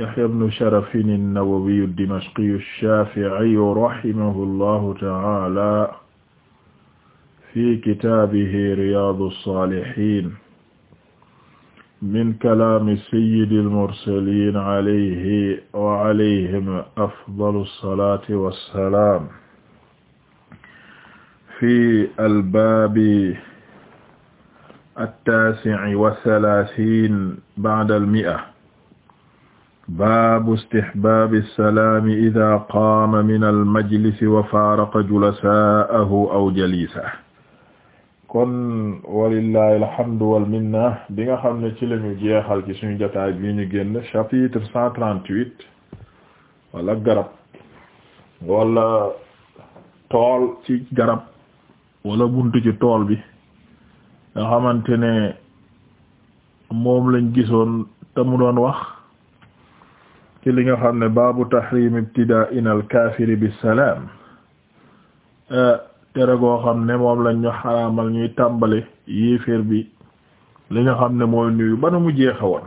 Yahya ibn Sharafin an-Nawawi ad-Dimashqi ash-Shafi'i rahimahu llahu ta'ala fi kitaabihi Riyaadu s-Saalihiin min kalaami sayyidi al-mursaliin alayhi wa alayhim afdalu s-salaati wa s-salaam fi al-baabi at-taasi'i wa thalaathiin ba'da al-mi'a baabu istihbaabi salaami idaa qaama minal majlisi wa faaraqa julasaa'ahu aw jaliisahu kon walillahi alhamdu wal minna bi nga xam ne ci lañu jeexal ci suñu jotaay bi ñu génn chapitre cent trente-huit wala garab wala tool ci garab wala buntu ci tool bi nga xamante ne moom lañ gisoon te mu doon wax. ci li nga xam ne baabu tahrim ibtidaa'ina al-kaafiri salaam tere goo xam ne moom lañ ñu xaraamal ñuy tàmbale yéeféer bi li nga xam ne mooy nuyu ba nu mu jeexe woon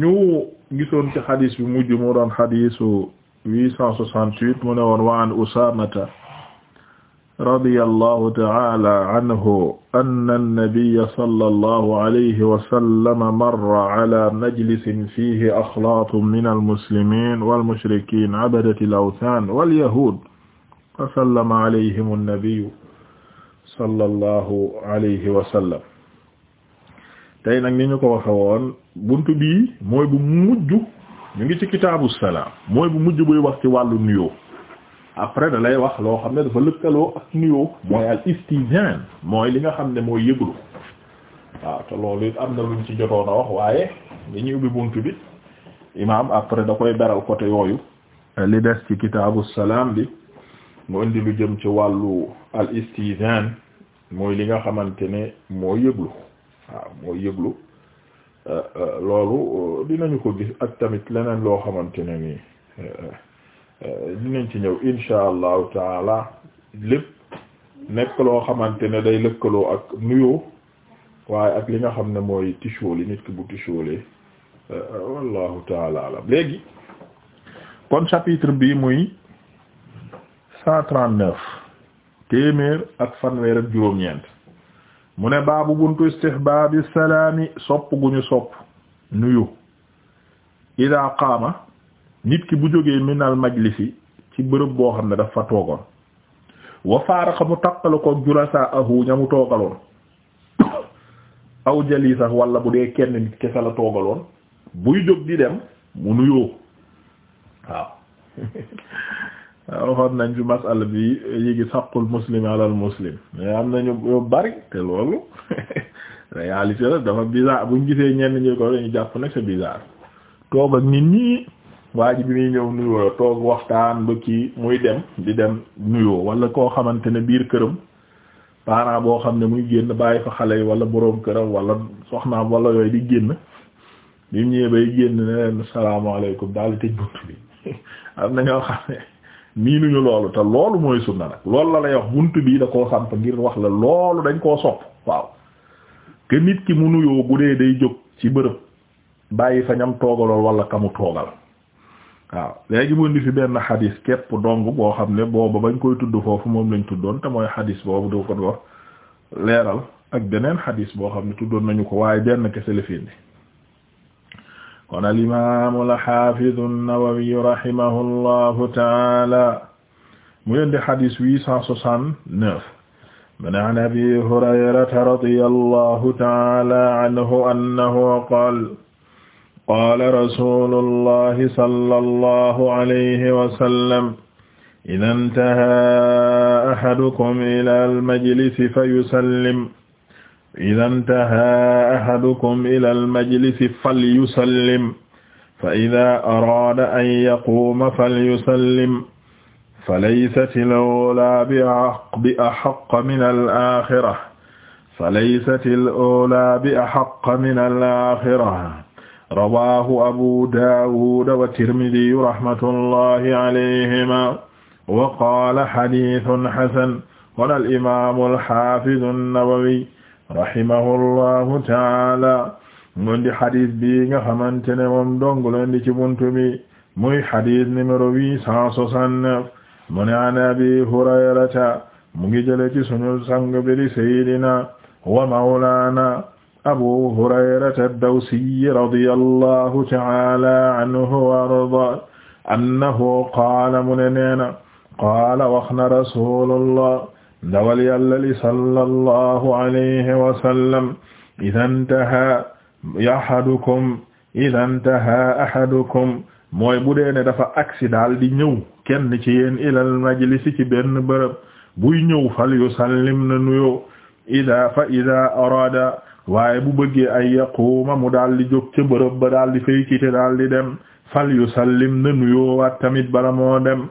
ñu gisoon ci xadiis bi mujj mu doon xadiisu 868 mu ne woon wa an Usaamata radiyallahu ta'ala anhu anna nabiyya sallallahu alayhi wa sallam marra ala majlisin fiihi axlaatun minal muslimiin wal mushrikiin abadatil awsaan wal yahuud fa sallama alayhimu nabiyyu sallallahu alayhi wa sallam. tey nag ni ñu ko waxe woon buntu bii mooy bu mujj ñu ngi ci kitaabu salaam mooy bu mujj buy wax ci wàllu nuyoo. après da wax loo xam ne dafa lëkkaloo ak nuyoo mooy al istizan mooy li nga xam ne mooy yëglu waaw te loolu it am na luñ ci jotoon a wax waaye dañuy ubbi buntu bi imaam après da koy beral côté yooyu li des ci kitaabu salaam bi mu indi lu jëm ci wàllu al istizan mooy li nga xamante ne moo yëglu waaw mooy yëglu loolu dinañu ko gis ak tamit leneen loo xamante ne nii dinañ ci ñëw insha allahu taala lépp nekk loo xamante ne day lëkkaloo ak nuyoo waaye ak li nga xam ne mooy tishool yi nit ki bu tishoolee euh, wallahu taala alam léegi kon chapitre bi muy cent trente téeméer ak fanweer ak juróom-ñeent mu ne baabu buntu istihbaabi salaami sopp gu ñu sopp nuyu ida qaama nit ki bu jógee minal majlisi ci bërëb boo xam ne dafa toogoon wa faaraxa mu takkale ko julasaa ahu ña toogaloon aw jali sax wala bu dee kenn nit kese la toogaloon buy jóg di dem mu nuyoo waaw waaw waxoon nañ fi masala bi yéegi saqul muslim alal muslim mais am nañu ñu bari te loolu réalité la dafa bizarre buñ gisee ñenn ñi ko dañu jàpp ne c'est bizarre toog ak nit waa ji bi muy ñëw nuyoo toog waxtaan ba kii muy dem di dem nuyoo walla koo xamante ne biir këram parent boo xam ne muy génn bàyyi fa xale yi wala boroom këram wala soxnaam wala yooyu di génn bi mu ñëwee génn ne leen salaamaaleykum daal di tëj bunt bi am na ñoo xam ne miinuñu loolu te loolu mooy sunna nag loolu la lay wax bunt bii da koo samp ngir wax la loolu dañ koo sopp waaw que nit ki mu nuyoo bu dee day jóg ci bërëb bàyyi fa ñam toogalool wala kamu toogal waaw léegi mu indi fi benn xadis képp dong boo xam ne booba bañ koy tudd foofu moom lañ tuddoon te mooy xadis boobu du ko ko leeral ak beneen xadis boo xam ne tuddoon nañu ko waay benn kese la fi indi kon al imaamu al xaafizu an-Nawawi rahimahu llahu taala mu indi xadis huit cent abi hurayrata radiya allahu taala anhu annahu qaala rasuulullahi sallallahu alayhi wa sallam idaa intahaa ahadukum ilal majlisi fayusallim idaa intahaa ahadukum ilal majlisi falyusallim fa idaa araada an yaquuma falyusallim falaysatil uulaa bi ahaqqa minal aaxira falaysatil uulaa bi ahaqqa minal aaxira rawaahu abu daawud wa tirmidiyu rahmatullahi alayhima wa qaala xadiisun xasan kon al imaamu alxaafidu nawawi rahimahullahu taala mu di xadis bi nga xamante ne moom dong la di ci buntu bi muy xadis numéro huit cent soixante-neuf mu ne an abi hurayrata mu ngi jële ci sunu sang bi di sayyidina wa mawlaana abu hurayrata ad-dawsi radiyallahu ta'ala anhu wa arda annahu qaala mu ne neena qaala wax na rasulullah ndawal yàlla li sallallahu alayhi wa sallam idaa intahaa ahadukum idaa intahaa ahadukum mooy bu dee ne dafa agsi daal di ñëw kenn ci yéen ilal majlisi ci benn bërëb buy ñëw fal yusallim na nuyoo idaa fa idaa araada waaye bu bëggee ay yaquuma mu daal di jóg ca bërëb ba daal di fay kite di dem fal yusallim na nuyoo waat tamit bala moo dem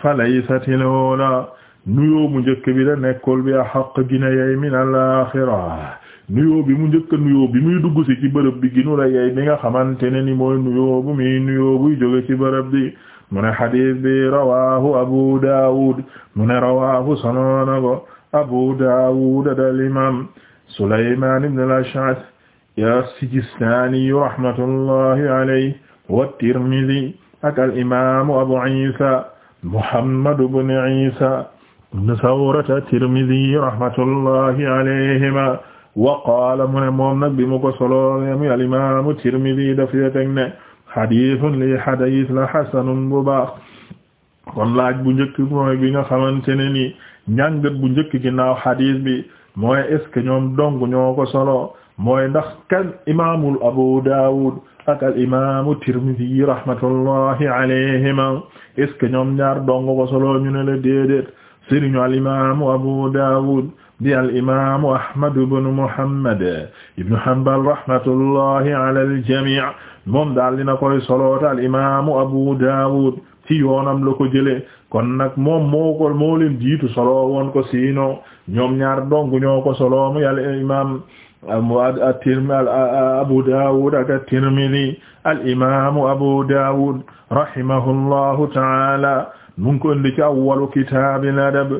falaysatiloola nuyoo mu njëkk bi da nekkul bi a xaq gina yey min al axira bi mu njëkk nuyoo bi muy dugg si ci bërëb bi ginu la bi nga xamante ne ni mooy nuyoo muy nuyoo buy jóge ci bërëb bi mu ne xadiis bi rawaahu abu daawud mu ne rawaahu sanoona abu daawud dal imam Sulaymaan ibn al-Ash'ath as-Sijistaani rahmatullahi alayhi wa Tirmidhi ak al-imaamu Abu Iisa Muhammad ibn Iisa ibn Sawrata at-Tirmidhi rahmatullahi alayhima wa qaala mu ne moom nag bi mu ko soloolee muy al-imaamu Tirmidhi dafay teg ne xadiisun li xadiis la xasanun bu baax kon laaj bu njëkk mooy bi nga xamante ne ni njàngat bu njëkk ginnaaw xadiis bi. mooy est-ce que ñoom dong ñoo ko solo mooy ndax kan imaamul Abu Dawud ak al imaamu Tirmidhi rahmatullahi alayhima est-ce que ñoom ñaar dong ko solo ñu ne la déedéet sëriñu al imaamu Abu Dawud di al imaamu Ahmad ibn Muhammad ibn Hanbal rahmatullahi ala al jamii moom daal dina koy solo ta al imaamu Abu Dawud ci yoonam la ko jëlee. kon nag moom moo ko moo leen jiitu solo woon ko siino ñoom ñaar dong ñoo ko solo mu yàlla imaam abu daawud ak at-tirmidhi al imaamu abu daawud rahimahullahu taala mu ngi ko indi ci awwalu kitaabil adab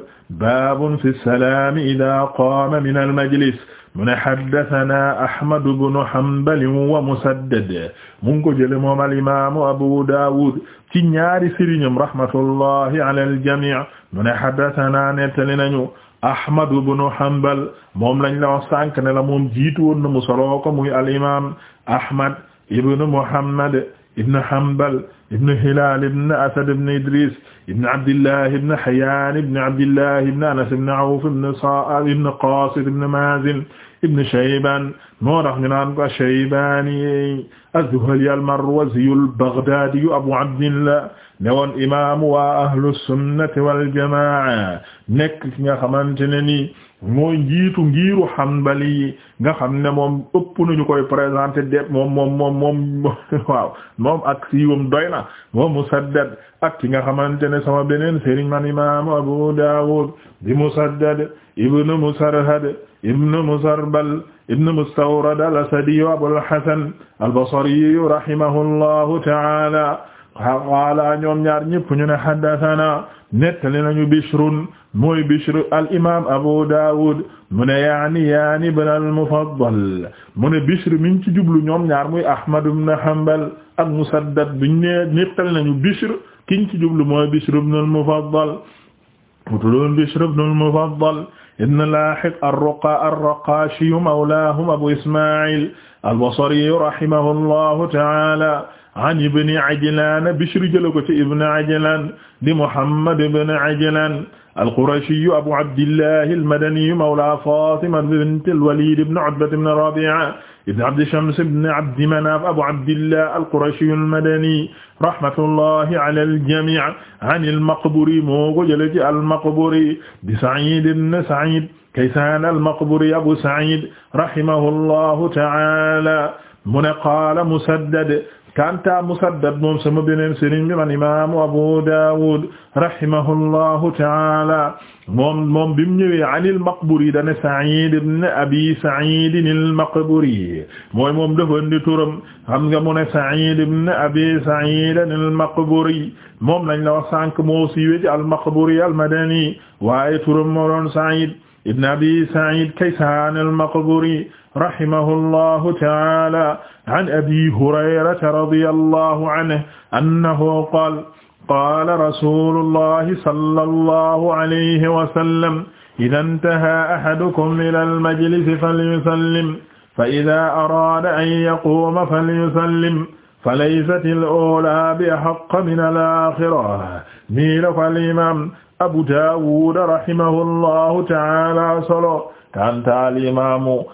baabun fi salaami idaa qaama minal majlis mu ne haddathana Ahmad ibn Hanbal wa Musaddad mu ngi ko jëlee moom al-imaamu Abu Dawud ci ñaari sëriñam rahmatullahi ala al-jamii' mu ne haddathana nettali nañu Ahmad ibn Hanbal moom lañ la wax sànq ne la moom jiitu woon na mu solo ko muy al-imaam Ahmad ibn Muhammad ibn Hanbal ibn Hilaal ibn Asad ibn Idriis ibn Abdillah ibn Hayyaan ibn Abdillah ibn Anas ibn Awf ibn Saa'ib ibn Qaasid ibn Maazin ibn Shaybaan moo tax ñu naan ko Shaybaani az-Zuhali al-Marwazi al-Baghdaadi Abu Abdillah ne woon imaamu waa ahlu sunnati wal jamaa nekk ki nga xamante ne nii mooy njiitu ngiiru Hanbali yi nga xam ne moom ëpp nañu koy présenté de moom moom moom moom waaw moom ak siiwam doy na moom Musaddad ak ki nga xamante ne sama beneen sëriñ man imam Abu Dawud di Musaddad ibnu Musarhad ibnu Musarbal ibnu Mustawrad al-Asadi Abul Hasan al-Basri rahimahullahu ta'ala wala ñoom ñaar ñëpp ñu ne haddathana nettali nañu bishrun mooy bishr al imam abu dawud mu ne yaani yaani ibn al mufaddal mu ne bishr min ci jublu ñoom ñaar muy ahmad ibn hanbal ak musaddad biñ ne nettali nañu bishr kiñ ci jublu mooy bishr ibn al mufaddal utulun bishr ibn al mufaddal ibn lahiq ar-ruqa ar-raqashi mawlahum abu isma'il al-basri rahimahullahu ta'ala an ibni ajlan Bishr jëla ko ci ibni ajlan di Muhammad ibn ajlan al-Qurashiyu abu abdillahi al-madaniyu mawla Fatima bint al-Walid ibn Utba ibn Rabi'a ibn Abdi Shams ibn Abdi Manaf abu abdillah al-Qurashiyu al-madani rahmatullahi ala al-jami' an al-Maqburi moo ko jëla ci al-Maqburi di Sa'id ibn Sa'id Kaysan al-Maqburi abu Sa'id rahimahullahu ta'ala mu ne qaala Musaddad kanta Musaddad moom sama beneen sëriñ bi man imaamu Abu Dawud rahimahullahu ta'ala moom moom bimu ñëwee anil Maqburi dane Sa'id ibn Abi Sa'id al-Maqburi mooy moom dafa indi turam xam nga mu ne Sa'id ibn Abi Sa'id al-Maqburi moom lañ la wax sànq moo siiwe ci al-Maqburi al-Madani waaye turam moo doon Sa'id ibn abi Sa'id Kaysan al-Maqburi rahimahullahu ta'ala an abi Hurayrata radiyallahu anhu annahu qaala qaala rasuulullahi sallallahu alayhi wa sallam idaa intahaa ahadukum ilal majlisi falyusallim fa idaa araada an yaquuma falyusallim falaysati al-uulaa bi ahaqqa mina al-aaxira nii la ko al-imaam Abu Dawud rahimahullahu ta'ala solo kanta al-imaamu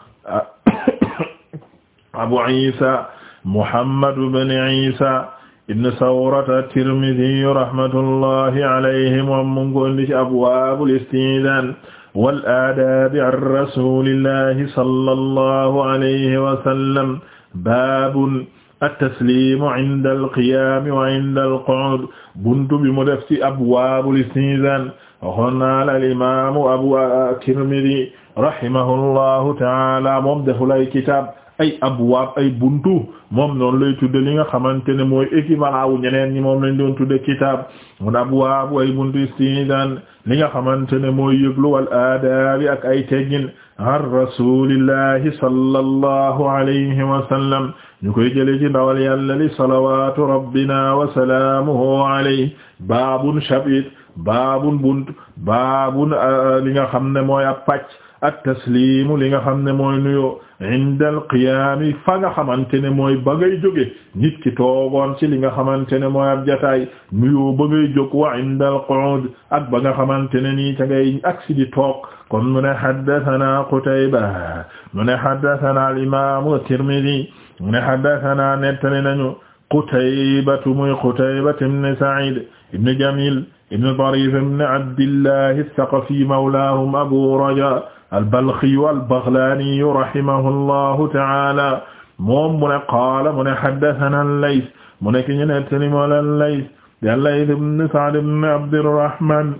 Abu Isa Muhammad ibn Isa ibn Sawrata at-Tirmidhi rahmatullahi alayhi moom mu ngi ko indi ci abwaabul istizaan wal aadaabi an rasuulillahi sallallahu alayhi wa sallam baabun at-taslimu inda al-qiyaami wa inda al-qu'ud buntu bi mu def ci abwaabul istizaan waxoon naa la al-imaamu abu at-Tirmidhi rahimahullahu ta'ala moom defulay kitaab ay abwaab ay buntu moom noonu lay tudde li nga xamante ne mooy équivalent wu ñeneen ñi moom lañ doon tudde kitaab mun abwaab ay buntu istizaan li nga xamante ne mooy yëglu wal aadaabi ak ay teggin an rasulillahi sallallahu alayhi wa sallam ñu koy jële ci ndawal yàlla li salawaatu rabbina wa salaamuhu alayhi baabun shabit baabun bunt baabun ah, li nga xam ne mooy ab pàcc at taslimu li nga xam ne mooy nuyoo inda alqiyaami fa nga xamante ne mooy ba ngay jóge nit ki toogoon ci li nga xamante ne mooy ab jataay nuyoo ba ngay jóg wa inda alquud ak ba nga xamante ne nii ca ngay aksi di toog kon mu ne haddathana Qutayba mu ne haddathana al-imaamu at-Tirmidhi mu ne haddathana nettali nañu Qutaybatu muy Qutaybatu ibn Sa'id ibn Jamil ibn Tarif ibn Abdillah ath-Thaqafi mawlaahum Abu Raja albalxiyu albaxlaaniyu rahimahu llahu taala moom mu ne qaala mu ne haddathana al-Layth mu ne ki ñu nettali moo al-Layth di al-Layth ibn Sa'd ibn Abdirrahman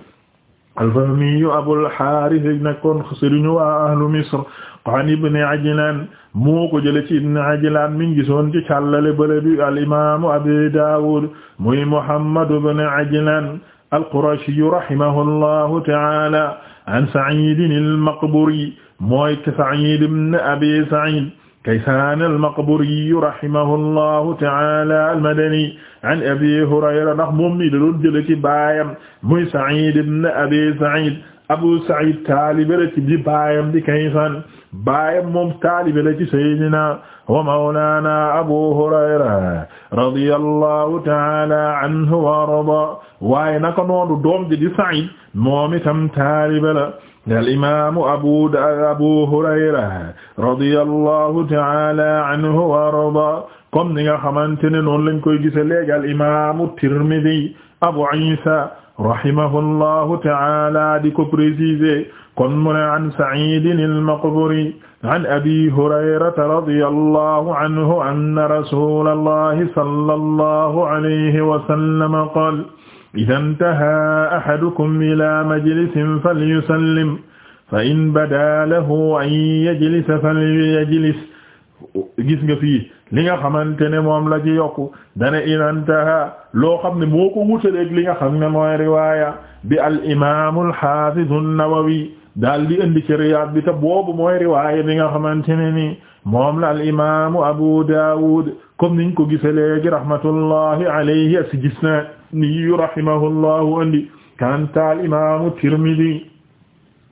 al-Fahmiyu Abul Haaris nekkoon sëriñu waa ahlu Misr an Ibn Ajlan moo ko jële ci Ibn Ajlan min gisoon ci càllale bale bi al-imaamu Abi Daawud muy Muhammad ibn Ajlan al-Qurashiyu rahimahu llahu taala an Sa'id al-Maqburi mooy Sa'id ibn Abi Sa'id Kaysan al-Maqburi rahimahullahu ta'ala al-Madani an Abi Hurayra ndax moom mi da doon jële ci baayam muy Sa'id ibn Abi Sa'id Abu Sa'id taalibe la ci bi baayam di Kaysan baayam moom taalibe la ci sayyidina wa mawlaana abu hurayra radiyallahu ta'ala anhu wa arda waaye naka noonu doom ji di sa'id moom itam taalibe la al imaamu abu abu hurayra radiyallahu ta'ala anhu wa arda comme ni nga xamante ne noonu lañ koy gise léegi al imaamu tirmidi abu isa rahimahullahu ta'ala di ko préciser kon mu ne an Saciidin al-Maqburi an Abi Hurayrata radiyallahu anhu anna rasuulallahi sallallahu alayhi wa sallam qaala izaa intahaa ahadukum ilaa majlisin falyusallim fa in badaa lahu an yajlisa falyajlis gis nga fii li nga xamante ne moom la ci yokku dana inantaha loo xam ne moo ko wutaleeg li nga xam ne mooy riwaaya bi al imaamul haafizu an-Nawawi daal di indi ci Riyaad bi te mooy riwaaya bi nga xamante ne ni moom la al imaamu Abu Daawud comme niñ ko gise léegi rahmatullahi alayhi as-Sijistaani rahimahullahu andi kanta al imaamu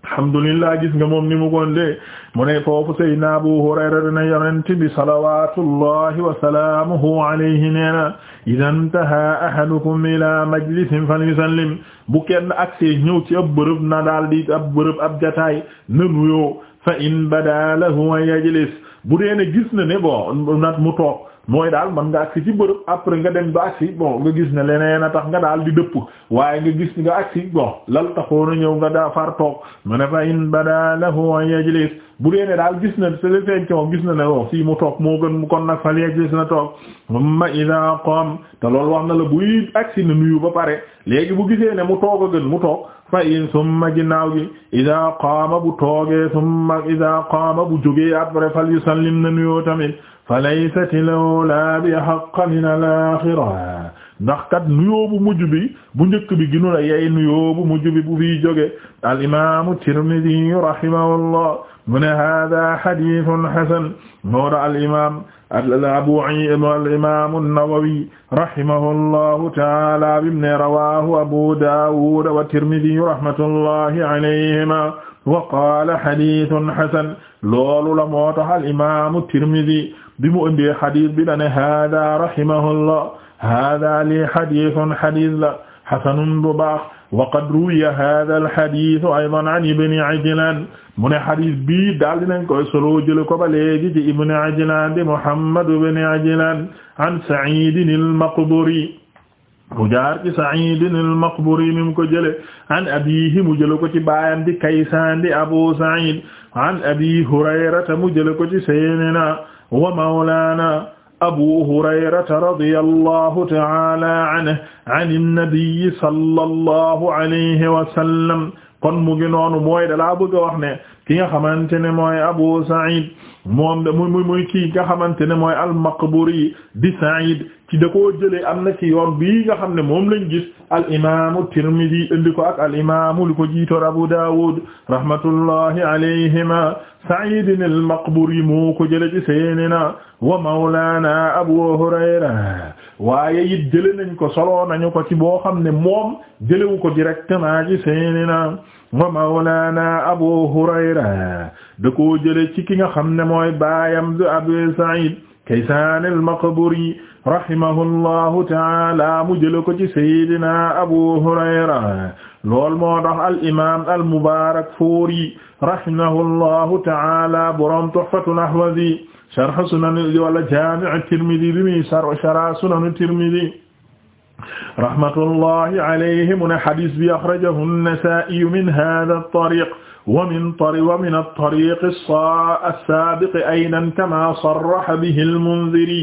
alhamdulillah gis nga moom ni mu gonde mu ne foofu Seydina Abu Hurayra ne yonent bi salawatullahi wa salaamuhu alayhi neena idaa intaha ahadukum ila majlisin falyusallim bu kenn aksee ñëw ci ab bërëb na daal di ab bërëb ab jataay na nuyoo fa in bada lahu yajlis bu dee ne gis na ne bon nat mu toog mooy daal mën nga agsi ci bërëb après nga dem ba agsi bon nga gis ne leneen a tax nga daal di dëpp waaye nga gis nga agsi bon lal taxoona ñëw nga daa far toog mu ne fa in bada lahu an yajlis bu dee ne daal gis na se ci gis na ne wo oh fii mu toog moo gën mu kon nag fal yeglis na toog ma ida qam te loolu wax na la buy agsi na nuyu ba pare léegi bu gisee ne mu toog a gën mu toog fa in summa ginnaaw gi ida qaama bu toogee summa ida qaama bu jógee après fal yusallim na nuyoo tamit fa laysati lawla bi haqqa min al ndax kat nuyoo bu mujj bi bu njëkk bi ginu la yey nuyoo bu mujj bi bu fi jóge al imaamu Tirmidi rahimahullah mu ne hada hadithun hasan mooda al imam abu al imam an-Nawawi rahimahullahu taala bim ne rawahu abu Dawud wa Tirmidi rahmatullahi alayhima wa qaala hadithun hasan loolu la moo tax al imam Tirmidi bi mu ëndee hadith bi dane hada rahimahullah hada li xaditun xadis la xasanun bu baax wa qad ruwiya hada alxaditu aydan an ibni ajlan mu ne xadis bii daal dinañ koy soloo jële ko ba léegi ci ibni ajlan di muhammad ibni ajlan an saidin almaqburi mu jaar ci saidin almaqburi mi mu ko jële an abihi mu jële ko ci baayam di kaysaan di abu said an abi hurayrata mu jële ko ci sayyidina wa mawlana abu hurayrata radiyallahu ta'ala anhu ani nabi sallallahu alayhi wa sallam kon mu ngi noonu mooy dalaa bëgg a wax ne ki nga xamante ne mooy abu sa'id moom de muy muy muy kii nga xamante ne mooy al-maqburi di sa'id ci da koo jëlee am na ci yoon bii nga xam ne moom lañ gis al imaamu Tirmidi ak al imaamu li ko jiitoor Abu Dawud rahmatullahi alayhima Sa'id al-Maqburi moo ko jëlee ci seenina wa mawlaana Abu Hurayra waaye jële nañ ko solo nañu ko ci boo xam ne moom jëlewu ko directement ci seenina wa mawlaana Abu Hurayra da koo jëlee ci ki nga xam ne mooy baayam du Abu Sa'id Kaysaan al-Maqburi rahimahullahu taala mu jële ko ci Seydina Abu Hurayra lool moo tax al-imaam al-Mubaarakfuuri rahimahullahu taala borom Tuhfatul Ahwazi sharh Sunan wala Jaami' Tirmidi bi mi sharh Sunan Tirmidi rahmatullahi alayhi mu ne hadiis bi akhrajahu an-Nasaa'i min haadha at-tariiq wa min tari wa min at-tariq as-saabiq aydan kama sarraha bihi al-Mundhiri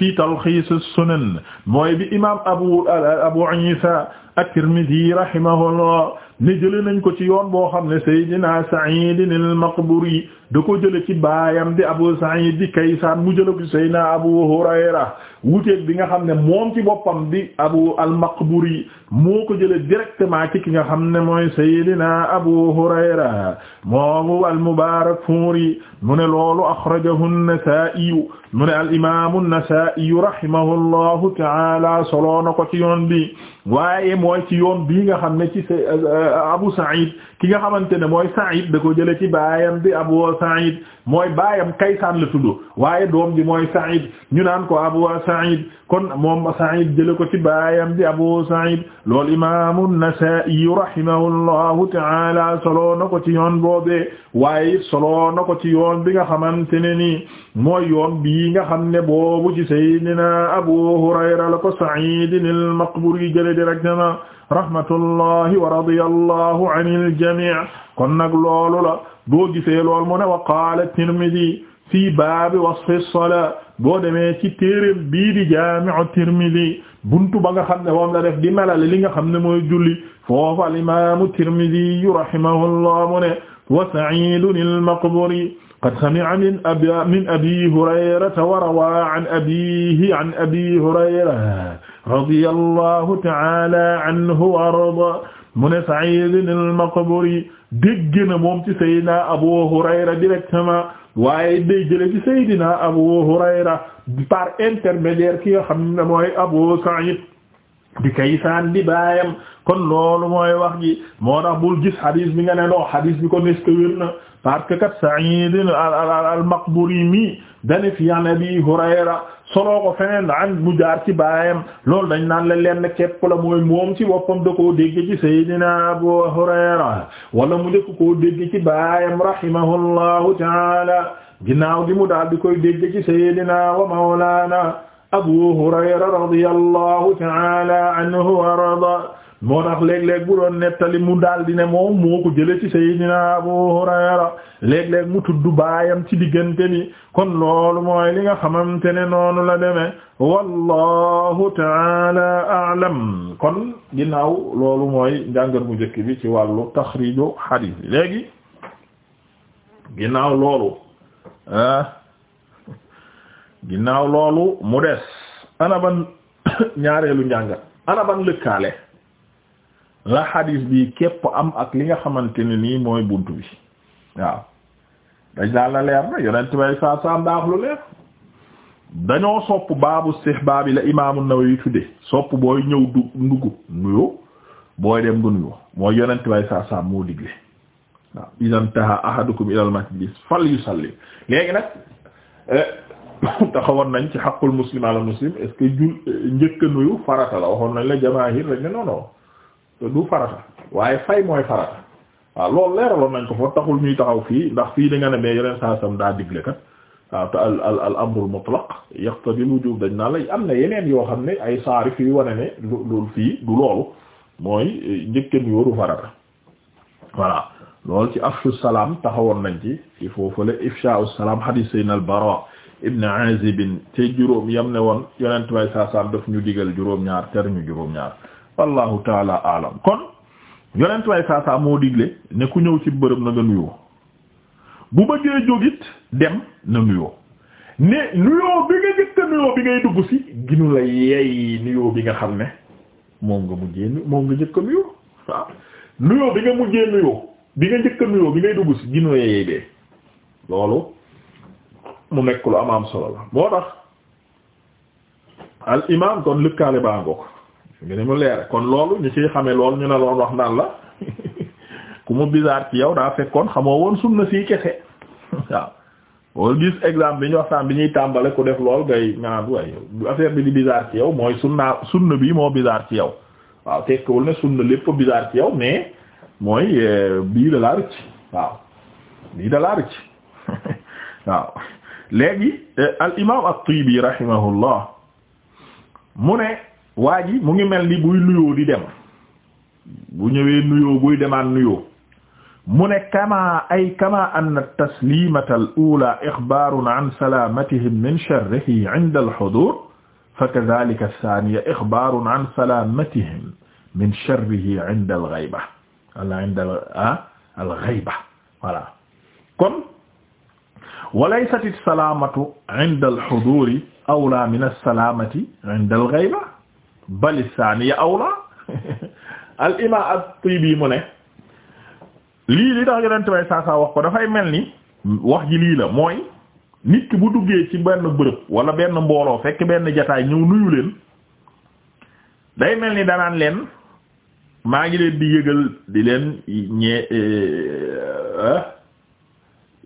fi talxiis as-sunan mooy bi imaam Abu Abu Iisa at-Tirmidhi rahimahullah ne jëlee nañ ko ci yoon boo xam ne Seydina Sa'iid al-Maqburi da ko jëlee ci baayam di Abu Sa'iid di Kaysaan mu jëlee ko Seydina Abu Hurayra wuuteeg bi nga xam ne moom ci boppam di Abu al-Maqburi moo ko jëlee directement ci ki nga xam ne mooy Seydina Abu Hurayra moomu al-Mubarakfuri mu ne loolu akhrajahu an-Nasa'i mu ne al imaamu Nasaa'i rahimahullahu ta'ala soloo na ko ci yoon bi waaye mooy ci yoon bii nga xam ne ci euh, Abu Sa'id ki nga xamante ne mooy Sa'id da ko jële ci baayam bi Abu Sa'id mooy baayam Kaysaan la tudd waaye doom bi mooy Sa'id ñu naan ko Abu Sa'id kon moom Sa'id jële ko ci baayam bi Abu Sa'id loolu imaamu Nasaa'i rahimahullahu ta'ala soloo na ko ci yoon boobee waaye solo na ko ci yoon bi nga xamante ne nii mooy yoon bi bii nga xam ne boobu ci saydina abu hurayra la ko saidin al-maqburi jële directement rahmatullahi wa radiyallahu anil jamii kon nag loolu la boo gisee lool mu ne wa qaala tirmidi fii baabi wasfi salaa boo demee ci téeréem bii di jaami'u tirmidi buntu ba nga xam ne moom la def di melale li nga xam ne mooy julli foofu al imaamu tirmidi rahimahullah mu ne wa saidin al qad sami'a min abi min abi hurayrata wa rawaa an abiihi an abi hurayrata radiyallahu ta'ala anhu wa arda mu ne Sa'iid al-Maqburi dégg na moom ci Seydina Abu Hurayra directement waaye day jële ci Seydina Abu Hurayra par intermédiaire ki nga xam ne mooy Abu Sa'iid di Kaysaan di baayam kon loolu mooy wax ji moo tax bul gis hadis bi nga ne non bi kon est-ce que wér na parce que kat Sa'id al-Maqburi mi dane fi an Abi Hurayra soloo ko feneen an mu jaar ci baayam loolu dañ naan la lenn képp la mooy moom ci boppam da koo dégg ci Seydina Abu Hurayra wala mu njëkk koo dégg ci baayam rahimahullahu taala ginnaaw gi mu daal di koy dégg ci Seydina wa Mawlana Abu Hurayra radiyallahu ta'ala anhu warda moo tax léeg-léeg bu doon nettali mu daal di ne moom moo ko jële ci Seydina Abu Hurayra léeg-léeg mu tudd baayam ci diggante bi kon loolu mooy li nga xamante ne noonu la demee wallahu taala a'lam kon ginnaaw loolu mooy njàngat bu njëkk bi ci wàllu taxriiju xadiis bi léegi ginnaaw loolu ah ginnaaw loolu mu des ana ban ñaareelu njàngat ana lëkkaale la xadiis bi képp am ak li nga xamante ne nii mooy bunt bi waaw dañ daal na leer na yonent bay saa saam daax lu leer dañoo sopp baabu istihbaab la imaamu Nawawi tudde sopp booy ñëw ndugg nuyu booy dem du nuyu mooy yonent bay saa moo digle waaw idan taha ahadukum ilal masjid fal yusalli léegi nag eh, taxawoon nañ ci xaqul muslim ala muslim est jul njëkk nuyu farata la waxoon nañ la jamaahir rek ne non non du farata waaye fay mooy farata waaw loolu leeraloon nañ ko foofu taxul ñuy taxaw fii ndax fii da nga yeneen saa daa digle kat waaw te al al dañ naa la am na yeneen yoo xam ne ay saari fii wane ne fii du loolu eh, njëkk nuyu ci afshu salaam taxawoon nañ ci ci foofule ifshaa'u salaam hadith sayyidina ibn Azib te juróom yam ne woon yonent way saasaam daf ñu digal juróom-ñaar ter ñu juróom-ñaar wallahu taala alam kon yonent way saasaam moo digle ne ku ñëw ci bërëb na nga nuyoo bu bëggee jógit dem na nuyoo ne nuyoo bi nga jëkka nuyoo nuyoo bi nga xam ne moom nga mujjee nuyoo bi nga mujjee nuyoo nuyoo bi ngay dugg si ginu la yey bee loolu mu nekk am amaam solo la moo tax al imaam kon lëkkaale baa ngoog nga ne mu leere kon loolu ñu ciy xame loolu ñu ne loon wax naan la ku mu bizarre ci yow daa fekkoon xamoo woon sunna fii kese waaw boo gis exemple bi ñu waxtaan bi ñuy tàmbale ku def lool ngay naan waaye affaire bi di bizarre ci yow mooy sunna sunna bi moo bizarre ci yow waaw tekkiwul ne sunna lépp bizarre ci yow mais mooy eh, bii da laa waaw bii da laa waaw léegi eh, al imaam at-Tiibi rahimahullah mu ne waa ji mu ngi mel ni buy nuyoo di dem bu ñëwee nuyoo buy demaan nuyoo mu ne kama ay kama anna taslimata al-ula ixbaarun an salaamatihim min sharrihi inda al-huduur fa kadhalika ath-thaniya ixbaarun an salaamatihim min sharrihi inda al-ghayba wala inda ah, al-ghayba voilà kon wa laysat salaamatu inda al-huduuri min as-salaamati inda al-ghayba saaniya awlaa al-imaam at-Tiibi mu ne lii li tax yonent bay saa wax ko dafay mel ni wax ji lii la mooy nit ki bu duggee ci benn bërëb wala benn mbooloo fekk benn jataay ñëw nuyu leen day mel ni danaan leen maa ngi leen di yëgal di leen ñee eh, eh,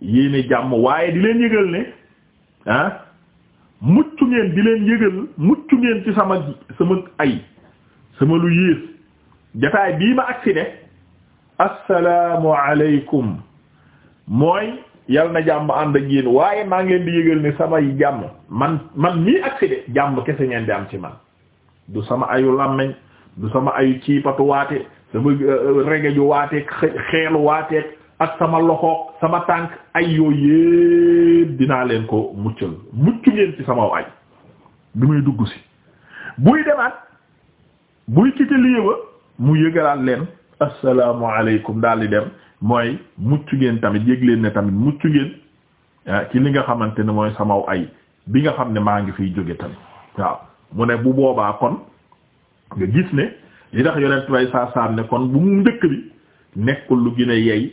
yéene jàmm waaye di leen yëgal ne ah mucc ngeen di leen yëgal mucc ngeen ci sama sama ay sama lu yées jataay bii ma agsi ne assalaamu alaykum mooy yal na jàmm ànd ak yéen waaye maa ngi leen di yëgal ne sama jàmm man man mii agsi de jàmm kese ngeen di am ci man du sama ayu làmmeñ du sama ayu ciipatu waate sama euh, euh, rege ju waateeg xeelu waateeg ak sama loxo sama tànk ay yooyu yëpp dinaa leen ko muccal mucc ngeen ci sama ay bi muy dugg si buy demaat buy kite liiba mu yëgalaat leen assalaamu alaykum daal di dem mooy mucc ngeen tamit yëg leen ne tamit mucc ngeen ah, ci li nga xamante ni mooy samaw ay bi nga xam ne maa ngi fiy jóge tamit waaw mu ne bu boobaa kon nga gis ne li tax yonent bay saa saam ne kon bu mu njëkk bi nekkul lu gën a yey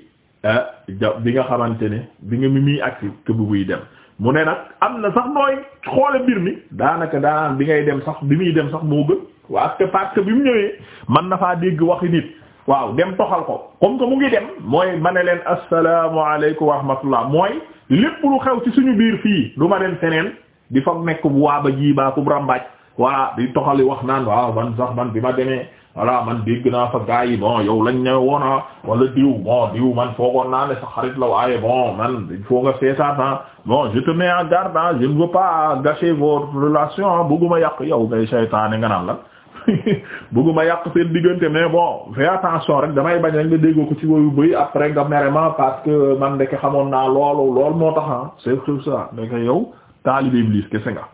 Eh, ja bi nga xamante ne bi nga mi muy agsi que bu buy dem mu ne nag am na sax nooy xoole mbir mi daanaka daanaan bi ngay dem sax bi muy dem sax moo gën waaw que parce que bi mu ñëwee man na faa dégg waxi nit waaw dem toxal ko comme que mu ngi dem mooy ma ne leen assalaamu aleykum wa rahmatullah mooy lépp lu xew ci suñu biir fii du ma dem feneen di fa nekk bu waaba jiibaa ku ràmbaaj voilà di toxali wax naan waaw man sax man bi ma demee voilà man dégg naa fa gars yi bon yow lañ ne woona ah, wala diw bon diw man foogoon naa ne sa xarit la waaye bon man il faut nga seetaat ah bon je te mets en garde ah, je ne veux pas gâcher votre relation ah bëgguma yàq yow ngay saytaane nga naan la bëgguma yàq seen diggante mais bon fais attention rek damay bañ rek nga déggoo ko ci woyu bëy après nga merement parce que man ndeke xamoon naa lool lool moo tax ah c'est tout ça ndeke yow taalibe Iblis kese nga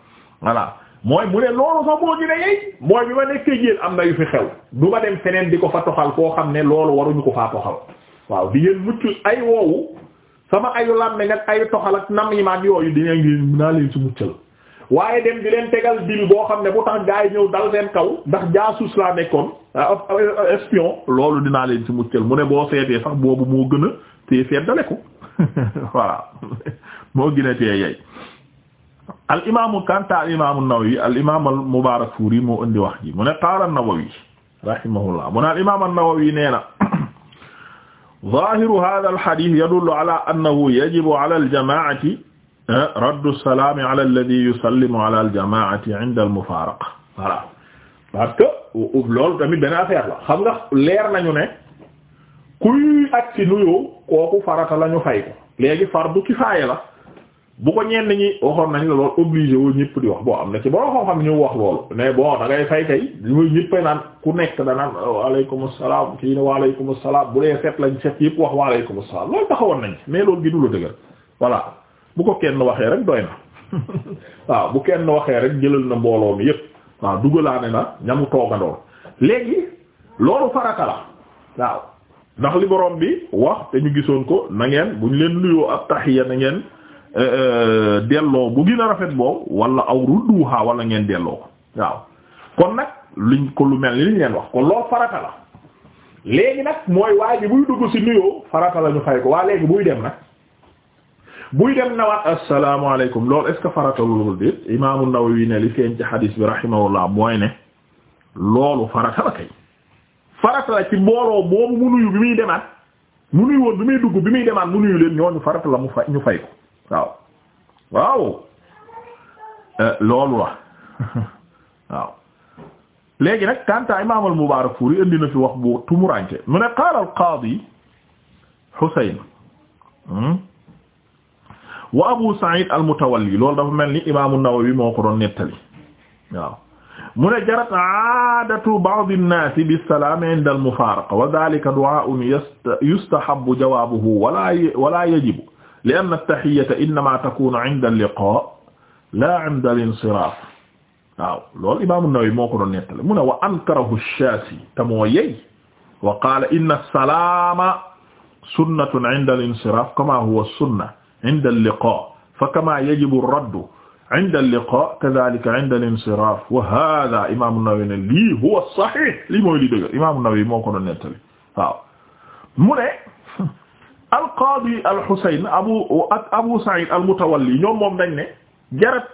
voilà mooy mu ne loolu sax moo gën a yey mooy bi ma nekkee yéen am na yu fi xew du ma dem feneen di ko fa toxal koo xam ne loolu waruñu ko faa toxal waaw di ngeen mucc ay woowu sama ayu làmme nag ayu toxal ak nam yi maag yooyu di ngeen naa leen si muccal waaye dem di leen tegal dil boo xam ne bu tax gaa yi ñëw dal seen kaw ndax jaasuus laa nekkoon ah espion loolu dinaa leen si muccal mu ne boo seetee sax boobu moo gën a te seddale ko voilà moo gën a tee al imaamu kanta al imaamu Nawawi al imaam al Mubaarakfuuri moo indi wax ji mu ne qaala an-Nawawi rahimahullah mu ne al imaam an-Nawawi nee na zaahiru haadha al hadiith yadullu ala annahu yajibu ala al jamaa'ati eh, raddu salaami ala alladhi yusallimu ala al jamaa'ati 'inda al mufaaraqa voilà parce que loolu tamit benn affaire la xam nga leer nañu ne kuy agsi nuyoo kooku farata la ñu fay ko léegi fardu kifaaya la. bu ko ñenn ñi waxoon nañ la loolu obligé wu ñëpp di wax boo am na ci borom xam-xam ñu wax loolu mais bon da ngay fay kay ñooy ñëpp naan ku nekk da naan waaleykum salaam kii na waaleykum salaam bu dee set lañ set yëpp wax waaleykum salaam loolu taxawoon nañ mais loolu gi du la dëgër voilà bu ko kenn waxee rek doy na waaw bu kenn waxee rek jëlal na mbooloo mi yëpp waaw dugalaane na ñamu toogandoon léegi loolu farata la waaw ndax li borom bi wax te gisoon ko na ngeen bu ñu leen nuyoo ab ngeen. Euh, euh, delloo bu gën rafet boobu wala aw rudduha wala ngeen delloo ko waaw kon nag liñ ko lu mel ni liñ leen wax kon loolu farata la léegi nag mooy waa ji buy dugg ci nuyoo farata la ñu fay ko waa léegi buy dem nag buy dem nawaat asalaamaaleykum loolu est-ce que farata loolu déet imaamu Nawawi ne li feeñ ci xadiis bi rahimahullah mooy ne loolu farata la kay farata la ci mbooloo boobu mu nuyu bi muy demaat mu nuyu woon bi muy dugg bi muy demaat mu ñu fay waaw waaw eh, loolu la waaw léegi nag kanta imam al Mubarakfuri indi na fi wax bu tumuranke mu ne qaala al qaadi Husayn hmm? wa Abu Sa'id al Mutawalli loolu dafa mel ni imaamu Nawawi moo ko doon nettali waaw mu ne jarat aadatu ba'd an-naas bi salaam 'inda al mufaaraqa wa dhaalika du'aa'un yustahabbu jawaabuhu wa laa yajibu li anna at-tahiyyata innama takunu 'inda al-liqa la 'inda al-insiraf waaw loolu imam an-Nawawi moo ko doon nettale mu ne wa ankarahu ash-Shafi te moo yey wa qala inna as-salama sunnatun 'inda al-insiraf kama huwa as-sunna 'inda al-liqa fa kama yajibu ar-raddu 'inda al-liqa kadhalika 'inda al-insiraf wa hadha imam an-Nawawi ne lii huwa as-sahih lii mooy li dëgg imam an-Nawawi moo ko doon nettale waaw mu ne al qaadi al Husayn abu ak abu Sa'id al Mutawalli ñoom moom dañ ne jarat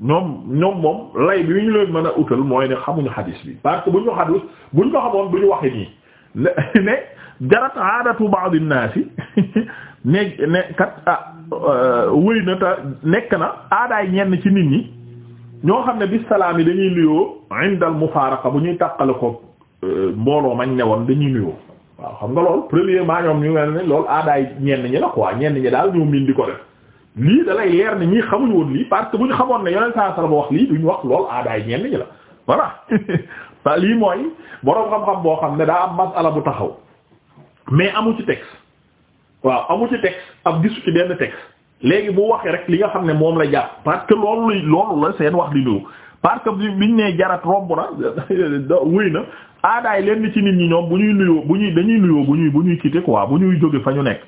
ñoom ñoom moom lay bi ñu leen mën a utal mooy ne xamuñu xadis bi parce bu ñu xadis bu ñu ko xamoon bu ñu waxee nii ne jarat aadatu ba'd an-naas ah, euh, na ta nekk na aadaay ñenn ci nit ñi ñoo xam ne bis salaam yi dañuy nuyoo indal mufaaraqa bu ñuy tàqale ko euh, mbooloo mañ ne woon dañuy nuyoo. waaw xam nga loolu premièrement ñoom ñu mel ni loolu aadaay ñenn ñi la quoi ñenn ñi daal ñoo miin di ko def lii da lay leer ne ñii xamuñ woon lii parce que bu ñu xamoon ne yoneen saa sala wax lii duñ wax loolu aadaay ñenn ñi la voilà ta lii mooy boroom xam-xam boo xam ne daa am ala bu taxaw mais amu ci texte waaw amu ci texte am gisu ci benn texte léegi bu waxee rek li nga xam ne moom la jàpp parce que loolu loolu la seen wax di loolu parce que biñ ne jarat romb aadaay lenn ci nit ñi ñoom bu ñuy nuyoo bu ñuy dañuy nuyoo bu ñuy bu ñuy quitté quoi bu ñuy jóge fa ñu nekk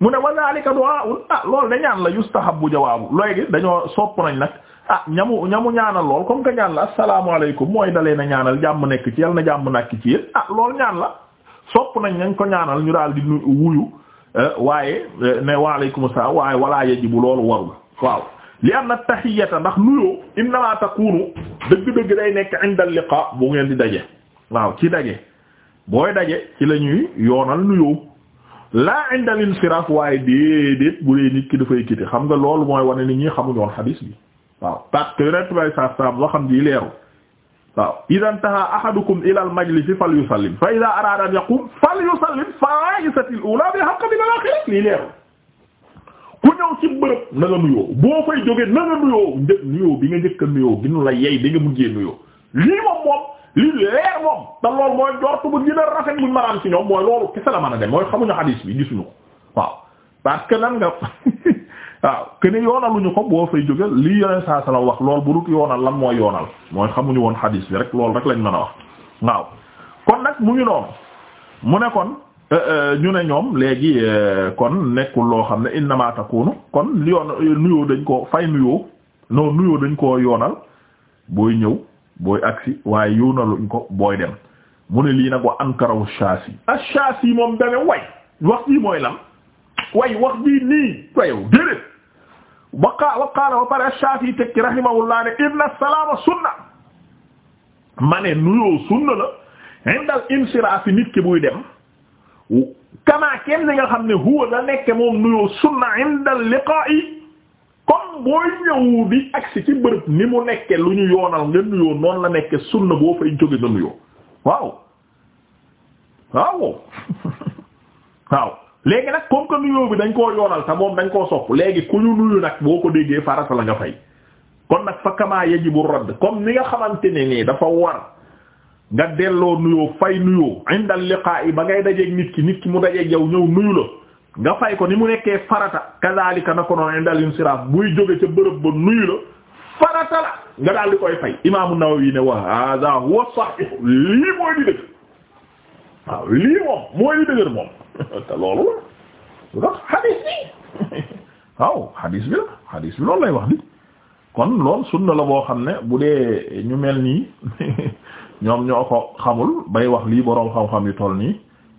mu ne wa zalika du'aa'ul ah loolu da ñaan la yustahabbu jawaabu léegi dañoo sopp nañ nag ah ñamu ñamu ñaanal lool comme que ñaan la assalaamu alaykum mooy dalee na ñaanal jàmm nekk ci yal na jàmm nakk ci yéen ah loolu ñaan la sopp nañ nañ ko ñaanal ñu daal di wuyu eh, waaye eh, ne waaleykum salaam waaye walaa bu loolu warul waaw li am na tahiyyata ndax nuyoo innamaa dëgg-dëgg day nekk inda liqa bu ngeen di daje waaw ci daje booy daje ci la ñuy yoonal nuyoo laa indal insiraaf waaye déedéet bu dee nit ki dafay kite xam nga loolu mooy wane ni ñi xamuñu woon bi waaw parce que yonent bay sa saab loo xam di leeru waaw ida ntaha ahadukum ila al majlisi fal yusallim fa ida arada an yaqum fal yusallim faisati l oula bi haqq min al akhir lii leeru ku ñëw ci bërëb na nga nuyoo boo fay jógee na nga nuyoo nuyoo a nuyoo ginu la yey bi nga mujjee nuyoo li leer moom te loolu mooy jortu bu gën a buñ mën am ci ñoom mooy loolu kese la mën a dem mooy xamuñu xadiis bi gisuñu ko waaw parce que nan nga waaw ko boo fay saa wax loolu bu dut yoonal yoonal mooy xamuñu woon xadiis bi rek loolu rek lañ mën a wax waaw nag mu ngi noonu mu ne kon euh, euh, ñu ne ñoom léegi euh, kon nekkul loo xam ne innama takunu kon li nuyoo dañ ko fay nuyoo non nuyoo dañ ko yoonal booy ñëw booy agsi waaye yóonaluñ ko booy dem mu ne lii nag wa ankarawu shaasi ash-shaasi moom dame way wax jii mooy lan way wax jii nii wayow déedéet wa qa wa qaala wa pare ash-shaasi tekki rahimahullah ne inna salaama sunna ma ne nuyoo sunna la indal insiraafi nit ki buy dem kamaa kenn li nga xam ne huwa da nekk moom nuyoo sunna indal liqaa'i kon booy ñëw di agsi ci bërëb ni mu nekke lu ñu yoonal nga nuyoo noonu la nekke sunna boo fay jóge nga nuyoo waaw waaw waaw léegi nag comme que nuyoo bi dañ koo yoonal te moom dañ koo sopp léegi ku ñu nuyu nag boo ko déggee farata la nga fay kon nag fa kamaa yajibu radd comme ni nga xamante ne nii dafa war nga delloo nuyoo fay nuyoo indal yi ba ngay dajeeg nit ki nit ki mu dajeeg yow ñëw nuyu la nga fay ko ni mu nekkee farata kadhalika na ko noonu indal insiraaf buy jóge ca bërëb ba nuyu la farata la nga daal di koy fay imaamu Nawawi ne wa hadha huwa waaw lii moom mooy di dëgër moom te loolu la xadiis bi waaw xadiis bi la xadiis bi loolu lay wax di kon loolu sunna la boo xam ne bu dee ñu mel nii ñoom ñoo ko xamul bay wax lii boroom xam-xam yi toll nii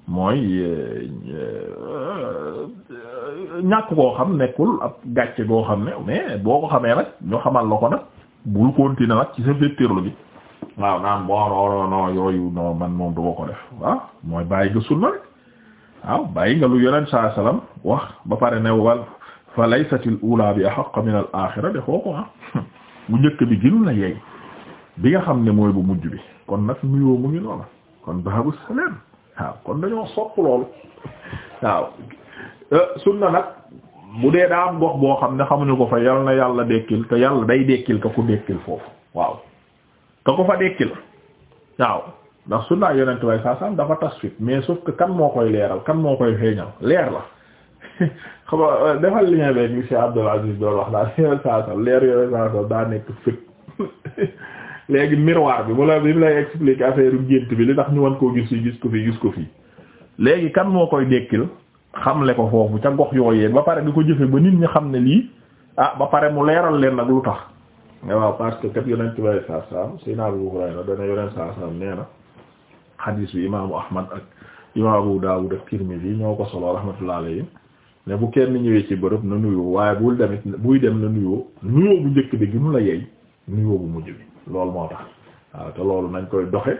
mooy euh, euh, ñàkk koo xam nekkul ab gàcce goo xam ne mais boo ko xamee nag ñu xamal la ko nag bul continuer nag ci sa féttirlu bi waaw naan bon non non yooyu non man moom du ko def waaw mooy bàyyi nga sunna rek waaw bàyyi nga lu yonent saa salaam wax ba pare ne wal fa laysatil ula bi ahaqqa min al axira defoo ko ah bu njëkk bi gënu la yeey bi nga xam ne mooy bu mujj bi kon nag nuyoo mu ngi noonu kon baabu salaam waaw kon dañoo sopp loolu waaw euh, sunna nag bu dee daa am gox boo xam ne xamuñu ko fa yal na yàlla dekkil te yàlla day dekkil ka ku dekkil foofu waaw ka ko fa dekkil waaw ndax sunna yonent way saa sam dafa fit mais sauf que kan moo koy leeral kan moo koy feeñal leer la xam nga euh, defal li ñu beeg monsieur Abdul Aziz doon wax daal leer saa sam leer yonent saa sam daa nekk fit léegi miroir bi mu la bi mu lay expliquer affaire gént bi li tax ñu wan koo gis yi gis ko fii gis ko fii léegi kan moo koy dekkil xamle ko foofu ca gox yooyee ba pare di ko jëfee ba nit ñi xam ne lii ah ba pare mu leeral leen nag lu tax waaw parce que kat yonent bi saa saam sayna Abu Hurayra dana yonent saa saam nee na xadiis bi imaamu Ahmad ak imaamu bu Daawud ak Tirmidhi ñoo ko solo rahmatullahi alayhi ne bu kenn ñëwee ci bërëb na nuyoo waaye bul demit buy dem na nuyoo njëkk bi gi mu la yeey nuyoo bu loolu moo tax waaw te loolu nañ koy doxe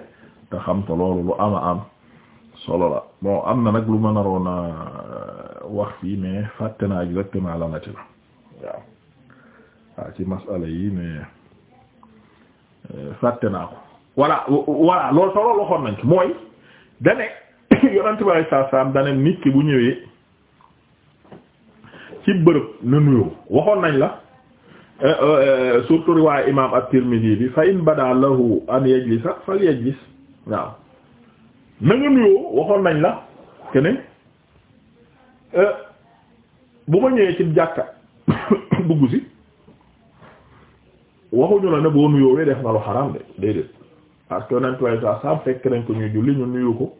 te xam te loolu lu ama am solo la bon am na nag lu ma naroon a euh, wax fii mais fàtte naa exactement la nati la waaw waaw ci masala yi euh, ko voilà voilà loolu te loolu waxoon nañ ko mooy dane yonent bi alei saat salaam dane nit ki bu ñëwee ci bërëb na nuyoo waxoon nañ la Eh, eh, eh, surtout riwaay imaam at-Tirmidhi bi fa in bada lahu an yajlisa falyajlis waaw na nga nuyoo waxoon nañ la que ne bu ma ñëwee ci jàkka dugg si waxuñu la ne boo nuyoo wee def nga lu xaraam de déedéet parce que yonent way saa saam fekk nañ ko ñuy julli ñu nuyu ko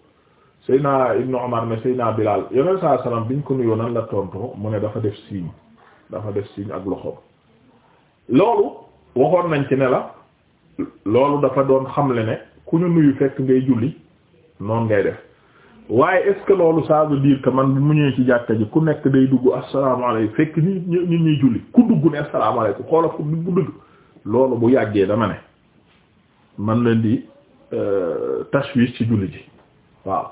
Seydina Ibnu Umar ne Seydina Bilaal yonent saa salaam biñ ko nuyoo nan la tontoo mu ne dafa def signe dafa def signe ak loxoom loolu waxoon nañ ci ne la loolu dafa doon xamle ne ku ñu nuyu fekk ngay julli noonu ngay def waaye est loolu ça veut dire man bu mu ñëwee ci jàkka ji ku nekk day dugg asalaamaaleykum fekk nit ñi ñuy julli ku dugg ne asalaamaaleykum xoola ku dugg loolu bu yàggee dama ne man leen di euh, tashwish ci julli ji waaw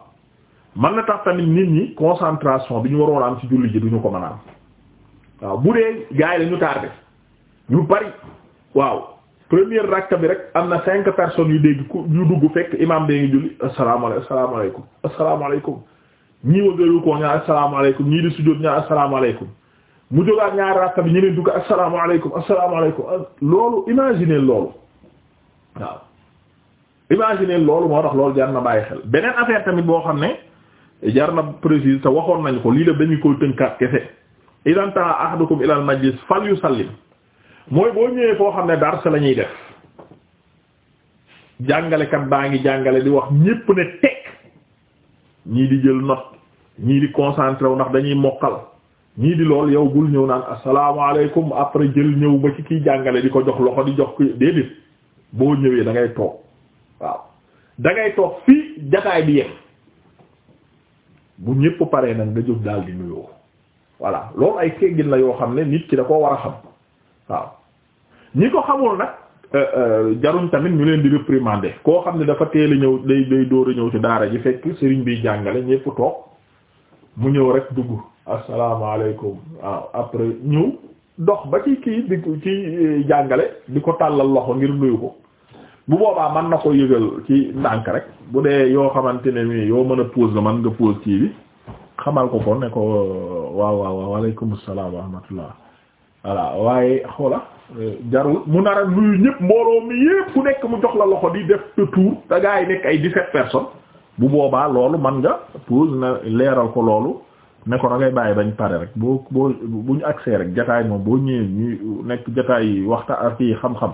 man na tax tamit nit ñi concentration bi ñu waroon am ci julli ji duñu ko mën a am waaw bu dee gars yi dañu tardé. yu bari waaw première rakka bi rek am na cinq personnes yu dégg ku yu dugg fekk imam bee ngi julli asalaamaaleykum asalaamaaleykum asalaamaaleykum ñii ñaar asalaamaaleykum ñii di sujjóot ñaar asalaamaaleykum mu jógaat ñaar rakka bi ñeneen dugg asalaamaaleykum asalaamaaleykum loolu imaginer loolu waaw imaginer loolu moo tax loolu jar na xel beneen affaire tamit boo xam ne jar na précise te waxoon nañu ko lii la dañu koy tënkaat kese idan taa ilal majlis fal yusallim mooy boo ñëwee koo xam ne dars la ñuy def jàngalekat baa ngi jàngale di wax ñépp ne teg ñii di jël note ñii di concentré wu ndax dañuy mokkal ñii di lool yow bul ñëw naan asalaamaaleykum après jël ñëw ba ci kiy jàngale di ko jox loxo di jox ko déedéet boo ñëwee da ngay toog waaw da toog fii jataay bi yem bu ñépp paree nag nga jóg daal di nuyoo voilà loolu ay teggin la yoo xam ne nit ki da koo war a xam. waaw ñi ko xamul nag euh, euh, jaruñ tamit ñu leen di réprimander koo xam ne dafa teel a ñëw day door a ñëw ci daara ji fekk sëriñ biy jàngale ñépp toog mu ñëw rek dugg asalaamaaleykum waaw après ñëw dox ba ci kii di ci euh, jàngale di ko tàllal loxo ngir nuyu ko bu boobaa man na ko yëgal ci ndànk rek bu dee yoo xamante ne mi yoo mën a pause la man nga pause kii bi xamal ko ko ne ko waaw waaw waaw waaleykum salaam wa voilà waaye xoola jarul mu nar a nuyu ñëpp mi yëpp ku nekk mu jox la loxo di def te tour te nekk ay dix-sept personnes bu boobaa loolu man nga pause na leeral ko loolu ne ko da ngay bàyyi bañ pare rek boo boo bu ñu accès rek jataay moom boo ñëwee ñuy nekk jataay waxta ak yi xam-xam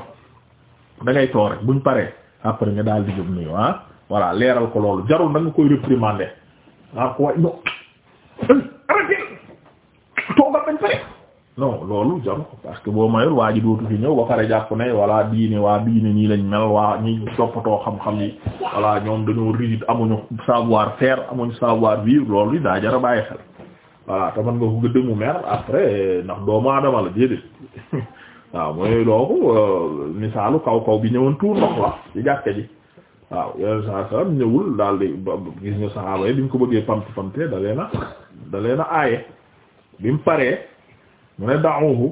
da toog rek buñ paree après nga daal di jóg nuyu ah leeral ko loolu jarul na nga koy réprimander ah ko way no arrêté toogal bañ pare non loolu jaru parce que boo mayul waa ji dootu fi ñëw ba pare jàpp ne voilà diine waa diine ñii lañ mel waa ñi toppatoo xam-xam yi voilà ñoom dañoo rigide amuñu savoir faire amuñu savoir vivre loolu yi daa jara bàyyi xel voilà te mën nga ko gëdd mu mer après ndax doomu aadama la déedéet waaw mooy loolu euh, misaalu kaw kaw bi ñëwoon tuur ndox la ci jàkke ji waaw yeneen saa salaam ñëwul daal di gis nga saxaaba yi bi ñu ko bëggee pamti pamte da leen a da a mu ne da'uhu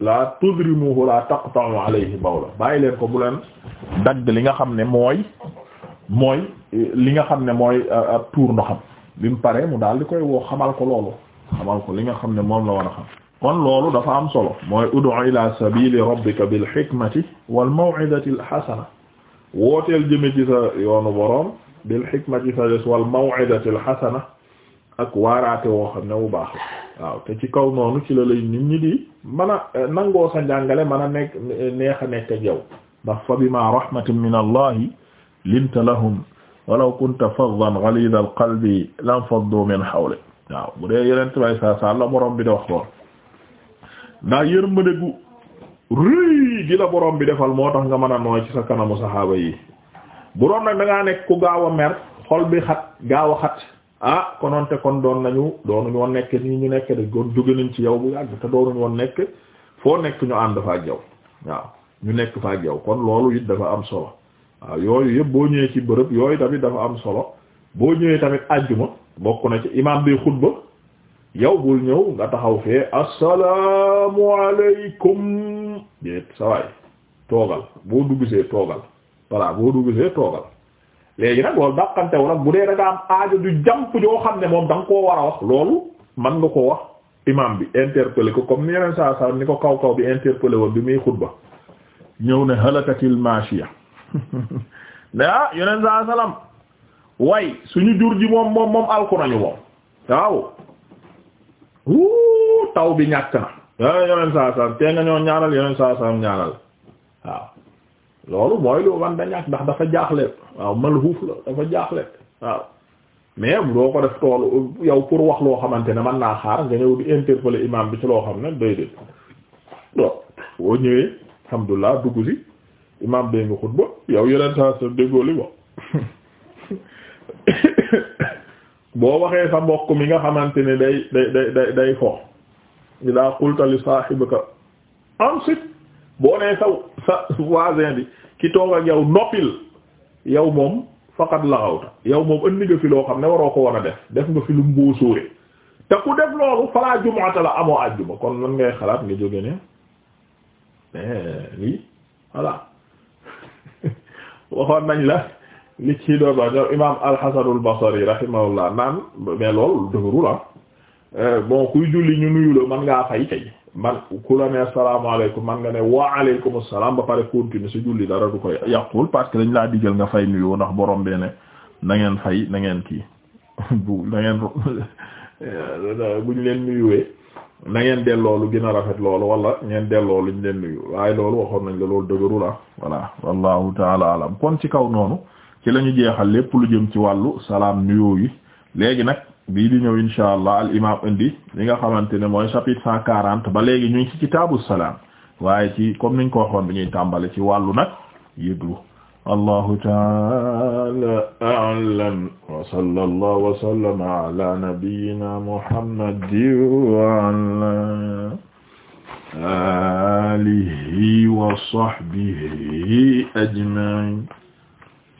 la tudrimuhu la taqta'u alayhi bawla bàyyi leen ko bu leen dagg li nga xam ne mooy mooy li nga xam ne mooy euh, ab tuur xam bi mu mu daal di koy woo xamal ko loolu xamal li nga xam ne moom la war a xam kon loolu dafa am solo mooy ud'u ila sabili rabbika bil hikmati wal maw'izati al hasana wooteel jëme ci sa yoonu boroom bil hikmati sa des wal maw'izati al hasana ak waaraate woo xam ne bu baax la waaw te ci kaw noonu ci la lay nit ñi di mën a eh, nangoo sa njàngale mën a nekk eh, neex a nekk ak yow ndax fa bima rahmatin min allahi linta lahum walaw kunta faddan ghalidha al qalbi lam faddu min hawlik waaw bu dee yenent bay saa sa la borom bi di wax lool ndax yërmande gu rëy gi la borom bi defal moo tax nga mën a nooy ci sa kanamu saxaaba yi bu doon nag da nekk ku gaaw a mer xol bi xat gaaw a xat ah konoon te kon doon nañu doonuñu woon nekk nii ñu nekk de kon jóge nañ ci yow bu yàgg te doonuñu woon nekk foo nekk ñu ànd dafa ak yow waaw ñu nekk fa ak yow kon loolu it dafa am solo waaw yooyu yëpp boo ñëwee ci bërëb yooyu tamit dafa am solo boo ñëwee tamit àjjuma bokk na ci imaam bi xutba yow bul ñëw nga taxaw fee assalaamu alaykum déet sawaay toogal boo dugg toogal voilà boo dugg see toogal léegi nag loolu dàqante wu nag bu dee da nga am aajo du jàmp joo xam ne moom da koo war a wax loolu mën nga ko wax imam bi interpellé ko comme ni yeneen saa saa ni ko kaw kaw bi interpellé woon bi muy xutba ñëw ne halakatil maashiya ne ah yeneen saa salaam way suñu jur ji moom moom moom bi ñàkk na eh, yeneen saa saa te nga ñoo ñaanal yeneen saa saa ñaanal waaw loolu mooy lu wan da ñàkk ndax dafa jaaxle waaw malhuuf la dafa jaaxle waaw mais doo ko def toolu yow pour wax loo xamante ne man naa xaar nga ñëw di interpeller imam bi ci loo xam ne déedéet waaw boo ñëwee alhamdulilah dugg si imam bi nga xutba yow yeneen saa sa déggoo li boo waxee sa mbokk mi nga xamante ne day day day day day fo ila qulta li sahibika ansit boo nee saw sa voisin bi ki toog ak yow noppil yow moom faqat laxawta yow moom andi nga fi loo xam ne waroo ko war a def def nga fi lu mboo sóore te ku def loolu falaa jumu'ata la amoo àjjuma kon lan ngay xalaat nga jóge ne eh, lii voilà waxoon nañ la li ci doon wax ñoom imaam al-Hasanul Basri rahimahullah naan mais loolu dëgëru la ah. eh, bon kuy julli ñu nuyu la mën ngaa fay kay man ku la ne asalaamaaleykum man nga ne waaleykum salaam ba pare continuer sa julli dara du koy yàqul parce que dañ laa digal nga fay nuyoo ndax borom bee ne na ngeen fay na ngeen kii bu na ngeen ñu leen nuyuwee na ngeen delloo lu gën a rafet loolu wala ngeen delloo luñ leen nuyu waaye loolu waxoon nañ la loolu dëgëru la ah. voilà wallahu taala alam kon ci kaw noonu ci la ñu jeexal lépp lu jëm ci wàllu salaam nuyoo yi léegi nag bii di ñëw insha allah al indi li nga xamante ne mooy chapitre cent quarante ba léegi ñu ngi ci kitaabu salaam waaye ci comme niñ ko waxoon bi ñuy tàmbale ci wàllu nag yëglu allahu taala a'lam wa sallallahu wa sallama ala nabiyyina muhammadin wa ala alihi wa sahbihi ajma'in